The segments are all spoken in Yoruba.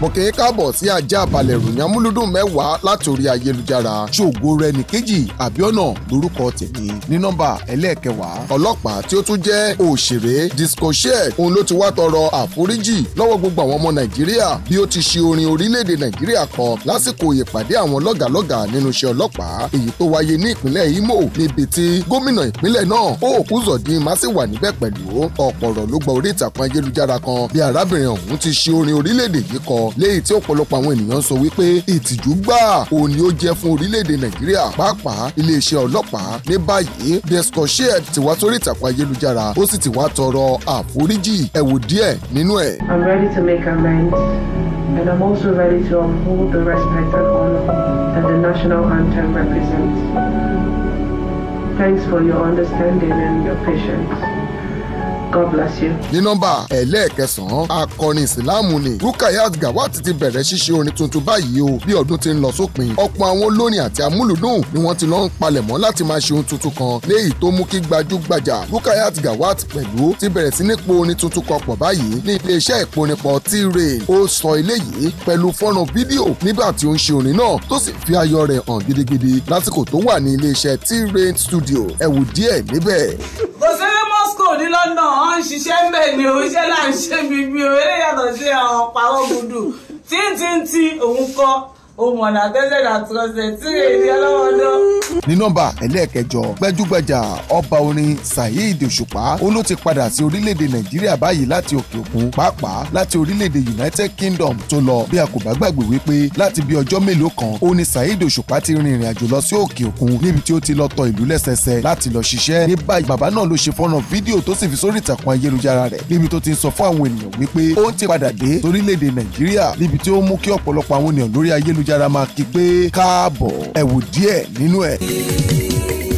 mo kì í káàbọ̀ sí ajá balẹ̀ ìròyìn amúlùdùn mẹ́wàá látòrí ayélujára ṣògo rẹ nìkejì àbíọ́nà lórúkọ tèmi ní nọ́mbà ẹlẹ́ẹ̀kẹwàá ọlọ́pàá tí ó tún jẹ́ òṣèré discochet òun ló ti wá tọrọ àforíjì lọ́wọ́ gbogbo àwọn ọmọ nàìjíríà bí ó ti ṣe orin orílẹ̀-èdè nàìjíríà kan lásìkò ìpàdé àwọn lọ́gàlọ́gà nínú iṣẹ́ ọlọ́pàá èyí tó wáyé ní ìpínlẹ̀ imo níbi tí gómìnà ìpínlẹ̀ náà Ògúnzọ̀dín má sì wà níbẹ̀ pẹ̀lú ọ̀pọ̀ ọ̀rọ̀ ló gba orí ìtàkùn ayélujára kan bí arábìnrin ọ̀hún ti ṣe orin orílẹ̀-èdè yìí kan léyìí tí ọ̀pọ̀lọpọ̀ àwọn ènìyàn sọ wípé ìtìjú gbà òun ni ó jẹ́ fún orílẹ̀-èdè nàìjíríà pàápàá iléeṣẹ́ ọlọ́pàá ní báyìí descochet ti wá sórí ìtàkùn ayélujára ó sì ti wá tọrọ àforíjì ẹ wò díẹ̀ nínú ẹ̀. I'm ready to make amends and I'm also ready to uphold the respect and honor that the national anthem represents. Thanks for your understanding and your patience. God bless you. ní nọ́mbà ẹlẹ́ẹ̀kẹsàn-án akọrin ìsìláàmù ni Rukayat Gawat ti bẹ̀rẹ̀ ṣíṣe orin tuntun báyìí o bí ọdún ti ń lọ sópin ọ̀pọ̀ àwọn olórin àti amúlùdùn ni wọ́n ti lọ ń palẹ̀mọ́ láti máa ṣe ohun tuntun kan léyìí tó mú kí gbajúgbajà Rukayat Gawat pẹ̀lú ti bẹ̀rẹ̀ sí ní po orin tuntun kan pọ̀ báyìí ní iléeṣẹ́ ìponipọ̀ T-Rain ó sọ eléyìí pẹ̀lú fọ́nrán fídíò nígbà tí ó ń ṣe orin náà tó sì fi ayọ̀ rẹ̀ hàn gidigidi lásìkò tó wà ní iléeṣẹ́ T-Rain studio ẹ wò díẹ̀ níbẹ̀. kò sí Moscow ní London ọ̀ ń ṣiṣẹ́ mbẹ̀ ni o iṣẹ́ là ṣe bíbí o eré yàtọ̀ sí àwọn pàrọ̀ tí tí tí òun kọ́ òmùọ̀nà àtẹ́sẹ̀dá àtúnṣe tí èdè ọlọ́wọ́ náà. ní nọ́mbà ẹlẹ́ẹ̀kẹjọ gbẹ́júgbẹ́jà ọba orin Saheed Òṣùpá ó ló ti padà sí orílẹ̀-èdè Nàìjíríà báyìí láti òkè òkun pàápàá láti orílẹ̀-èdè United Kingdom tó lọ bí a kò bá gbàgbé wípé láti bí ọjọ́ mélòó kan ó ní Saheed Òṣùpá ti rin ìrìn àjò lọ sí òkè òkun níbi tí ó ti lọ tọ ìlú lẹ́sẹsẹ láti lọ ṣiṣẹ́ ní báyìí bàbá náà ló ṣe fọ́nrán fídíò tó sì fi sórí ìtàkùn ayélujára ayélujára máa kí pé káàbọ̀ ẹ wò díẹ̀ nínú ẹ̀.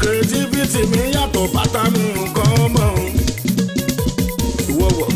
creativity mi yàtọ̀ bàtà mi nǹkan mọ́ ìwọ́wọ́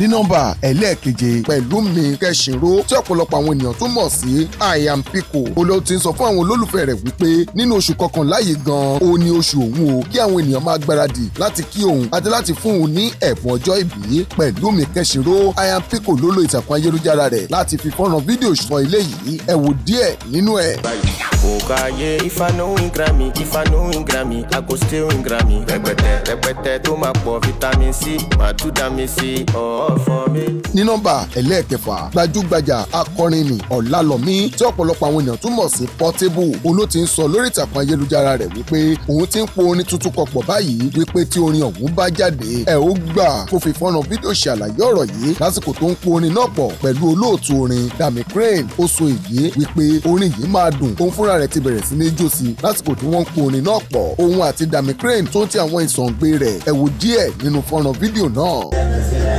ní nọ́mbà ẹlẹ́ẹ̀keje pẹ̀lú mi kẹ́sìnró tí ọ̀pọ̀lọpọ̀ àwọn ènìyàn tó mọ̀ sí i am pico olóò ti ń sọ fún àwọn olólùfẹ́ rẹ̀ wípé nínú oṣù kọkànlá yìí gan-an ó ní oṣù òun o kí àwọn ènìyàn máa gbáradì láti kí òun àti láti fún òun ní ẹ̀bùn ọjọ́ ìbí pẹ̀lú mi kẹ́sìnró i am pico ló lo ìtàkùn ayélujára rẹ̀ láti fi fọ́nrán fídíò sọ ilé yìí ẹ wò díẹ̀ nínú ẹ̀. báyìí ó Luka, yeah. If I know in Grammy, if I know in Grammy, I go still in Grammy. Rẹpẹtẹ, rẹpẹtẹ tó máa pọ̀ vitamin C, máa tún dá mi sí ọ̀ọ́ fún mi. Ní nọ́mbà ẹlẹ́ẹ̀kẹfà, gbajúgbajà akọrin ni Ọ̀làlọ́mí tí ọ̀pọ̀lọpọ̀ àwọn èèyàn tún mọ̀ sí Portable. Olú ti ń sọ lórí ìtàkùn ayélujára rẹ̀ wípé òun ti ń po orin tuntun kọpọ̀ báyìí wípé tí orin ọ̀hún bá jáde ẹ̀ ó gbà kó fi fọ́nà fídíò ṣàlàyé ọ̀rọ̀ yìí lásìkò tó ń po orin náà pọ̀ pẹ̀lú olóòtú orin Dami Crane. Ó sọ èyí wípé orin yìí máa dùn òun fúnra rẹ̀ t láti bẹ̀rẹ̀ sí ní jó sí lásìkò tí wọ́n ń po orin náà pọ̀ òun àti Dami Crane tó ti àwọn ìsọ̀ǹgbé rẹ̀ ẹ wo díẹ̀ nínú fọ́nrán fídíò náà.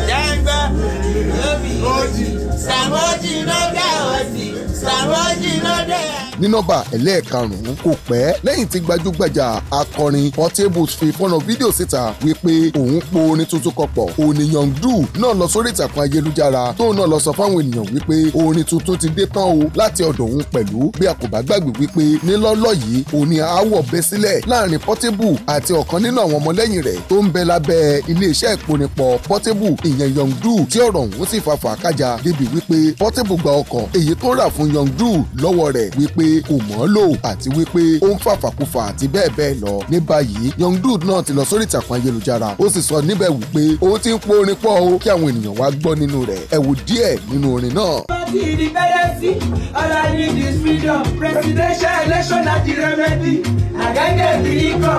jẹ́ńgbẹ́ lóbi sàmójì ló dá òsì ní nọ́mbà ẹlẹ́ẹ̀karùn-ún kò pẹ́ lẹ́yìn tí gbajúgbajà akọrin Portables fi fọ́nà fídíò síta wípé òun po orin tuntun kan pọ̀ òní Yongdu náà lọ sórí ìtàkùn ayélujára tóun náà lọ sọ fáwọn ènìyàn wípé orin tuntun ti dé tán o láti ọ̀dọ̀ òun pẹ̀lú bí a kò bá gbàgbé wípé nílọ́lọ́ yìí òní aáwọ̀ bẹ́ sílẹ̀ láàrin Portable àti ọ̀kan nínú àwọn ọmọlẹ́yìn rẹ̀ tó ń bẹ lábẹ́ iléeṣẹ́ ìponipọ̀ Portable ìyẹn Yongdu tí ọ̀rọ̀ òun sì fa fàákàjà débi Portable gba ọkọ̀ èyí tó Pyongyang-du lọ́wọ́ rẹ̀ wípé kò mọ́ lò àti wípé ó ń fàfàkùfà àti bẹ́ẹ̀ bẹ́ẹ̀ lọ. ní báyìí Pyongyang-du náà ti lọ sórí ìtàkùn ayélujára ó sì sọ níbẹ̀ wípé òun ti ń po pọ̀ o kí àwọn ènìyàn wá gbọ́ nínú rẹ̀ ẹ wò díẹ̀ nínú orin náà. All I need is freedom. Presidential election na the remedy. Àgẹ́gẹ́ bí ikọ̀,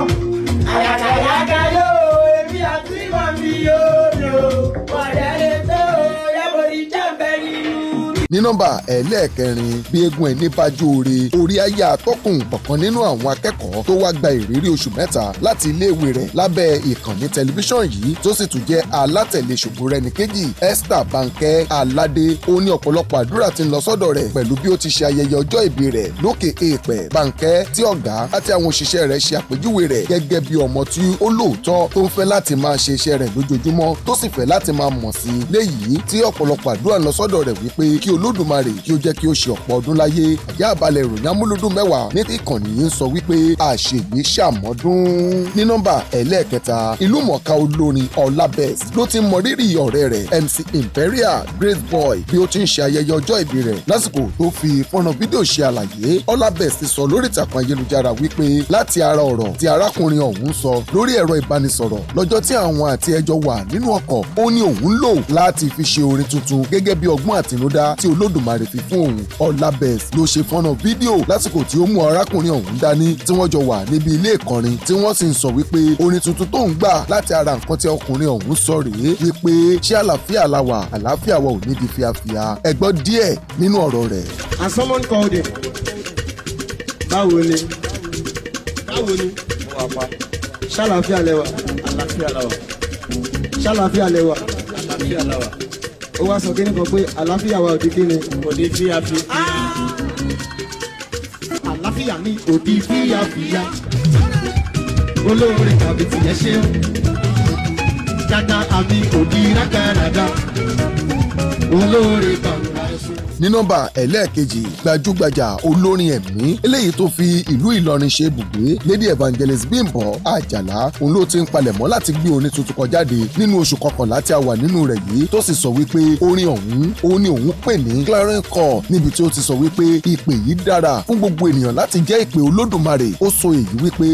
àyàkàyàkà yóò, èmi àti màmí yóò lò. ní nọ́mbà ẹlẹ́ẹ̀kẹrin bí eegun ẹni bá jó ore orí ayé atọ́kùn ọ̀kan nínú àwọn akẹ́kọ̀ọ́ tó wá gba ìrírí oṣù mẹ́ta láti iléèwé rẹ̀ lábẹ́ ìkànnì tẹlifíṣàn yìí tó sì tún jẹ́ alátẹ̀lé ṣògbórẹ́ni kejì Esther Bankẹ́ Aládé ó ní ọ̀pọ̀lọpọ̀ àdúrà tí ń lọ sọ́dọ̀ rẹ̀ pẹ̀lú bí ó ti ṣe ayẹyẹ ọjọ́ ìbí rẹ̀ lókè èèpẹ̀ Bankẹ́ tí ọ̀gá àti àwọn òṣìṣẹ́ rẹ̀ ṣe àpèjúwe rẹ̀ gẹ́gẹ́ bí ọmọ tí ó lóòótọ́ tó ń fẹ́ láti máa ṣe iṣẹ́ rẹ̀ lójoojúmọ́ tó sì fẹ́ láti máa mọ̀ sí léyìí tí ọ̀pọ̀lọpọ̀ àdúrà ń lọ sọ́dọ̀ rẹ̀ wípé kí olódùmarè yóò jẹ́ kí ó ṣe ọ̀pọ̀ ọdún láyé àjẹ́ àbálẹ̀ ìròyìn amúlùdùn mẹ́wàá ní ìkànnì yìí ń sọ wípé àṣèyí ṣàmọ́dún ní nọ́mbà ẹlẹ́ẹ̀kẹta ìlú mọ̀ọ́ká olórin ọlábẹ́s ló ti mọ rírì ọ̀rẹ́ rẹ̀ MC Imperial Grace Boy bí ó ti ń ṣe ayẹyẹ ọjọ́ ìbí rẹ̀ lásìkò tó fi fọ́nrán fídíò ṣe àlàyé ọlábẹ́s ti sọ lórí ìtàkùn ayélujára wípé láti ara ọ̀rọ̀ tí arákùnrin ọ̀hún sọ lórí ẹ̀rọ ìbánisọ̀rọ̀ lọ́jọ́ tí àwọn àti ẹjọ́ wà nínú ọkọ̀ ó ní òun lò láti fi ṣe orin tuntun gẹ́gẹ́ bí ọgbọ́n àtinúdá tí tí olódùmarè fi fún òun ọlá ló ṣe fọ́nà fídíò lásìkò tí ó mú arákùnrin ọ̀hún dání tí wọ́n jọ wà níbi ilé ìkọrin tí wọ́n sì ń sọ wípé orin tuntun tó ń gbà láti ara nǹkan tí ọkùnrin ọ̀hún sọ rèé wípé ṣé àlàáfíà la wà àlàáfíà wa ò ní di fíafíà ẹ gbọ́ nínú ọ̀rọ̀ rẹ̀. and someone called him báwo ni báwo ni ṣàlàáfíà lẹ wà àlàáfíà la wà ṣàlàáfíà lẹ wà àlàáfíà la ó wá sọ kíní kan pé àlàáfíà wa òdì kíni. òdì fíyàfíyà. àlàáfíà mi òdì fíyàfíyà. olórin tàbí tìyẹ́ ṣe ń. dada àmì òdì rákàràdà. olórin tàbí ní nọ́mbà ẹlẹ́ẹ̀kejì gbajúgbajà olórin ẹ̀mí eléyìí tó fi ìlú Ìlọrin ṣe ibùgbé Lady Evangelist Bímbọ́ Àjàlá òun ló ti ń palẹ̀mọ́ láti gbé orin tuntun kan jáde nínú oṣù kọkànlá tí a wà nínú rẹ̀ yìí tó sì sọ wípé orin ọ̀hún òun ni òun pè ní clarion call níbi tí ó ti sọ wípé ìpè yìí dára fún gbogbo ènìyàn láti jẹ́ ìpè olódùmarè ó sọ èyí wípé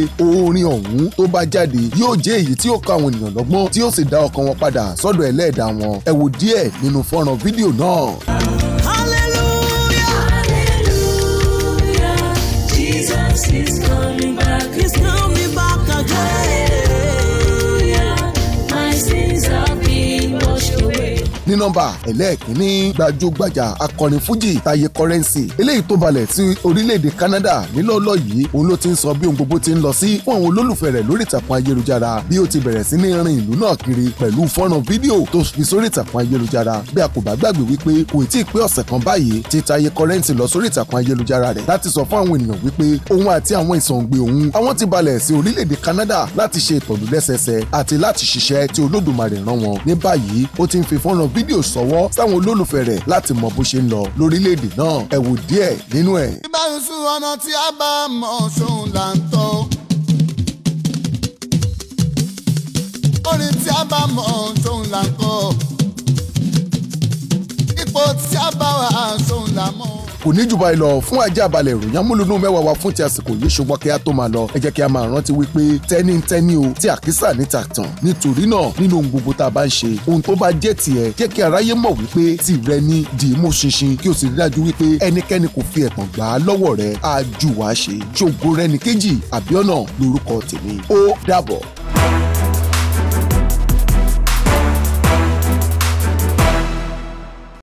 orin ọ̀hún tó bá jáde yóò jẹ́ èyí tí yóò kọ́ àwọn ènìyàn lọ́gbọ́n tí yóò sì dá ọkàn He's coming back. He's coming back again. ní nọ́mbà ẹlẹ́ẹ̀kínní gbajúgbajà akọrin fújì Táyé Currency eléyìí tó balẹ̀ sí orílẹ̀-èdè Canada nílọ́ọ̀lọ́ yìí òun ló ti ń sọ bí ohun gbogbo ti ń lọ sí fún àwọn olólùfẹ́ rẹ̀ lórí ìtàkùn ayélujára bí ó ti bẹ̀rẹ̀ sí ní rin ìlú náà kiri pẹ̀lú fọ́nrán fídíò tó fi sórí ìtàkùn ayélujára bí a kò bá gbàgbé wípé kò tí ì pé ọ̀sẹ̀ kan báyìí tí Táyé Currency lọ sórí ìtàkùn ayélujára rẹ̀ láti sọ fún àwọn ènìyàn wípé òun àti àwọn ìsọ̀ǹgbè òun àwọn ti balẹ̀ sí Canada láti ṣe ìtọ́jú lẹ́sẹsẹ àti láti ṣiṣẹ́ tí Olódùmarè rán wọn ní báyìí ó fídíò sọ́wọ́ sáwọn olólùfẹ́ rẹ̀ láti mọ bó ṣe ń lọ lórílẹ̀‐èdè náà ẹ wò díẹ̀ nínú ẹ̀. ìbáyọ̀ sún ọ̀nà tí a bá mọ̀ ṣòun là ń tọ́. orin tí a bá mọ̀ ṣòun là ń kọ́. ipò tí a bá wà kò ní jù báyìí lọ fún ajá balẹ̀ ìròyìn amúlùnú mẹ́wàá wa fún ti àsìkò yìí ṣùgbọ́n kí a tó máa lọ ẹ jẹ́ kí a máa rántí wípé tẹ́ni tẹ́ni o tí àkísà níta tàn nítorí náà nínú ohun gbogbo tá a bá ń ṣe ohun tó bá jẹ́ tiẹ̀ jẹ́ kí aráyé mọ̀ wípé tìrẹ ni dì í mú ṣinṣin kí o sì rí dájú wípé ẹnikẹ́ni kò fi ẹ̀tàn gbà á lọ́wọ́ rẹ̀ á jù wá ṣe ṣògo rẹ̀ kéjì àbíọ́nà lórúkọ tèmi ó dàbọ̀.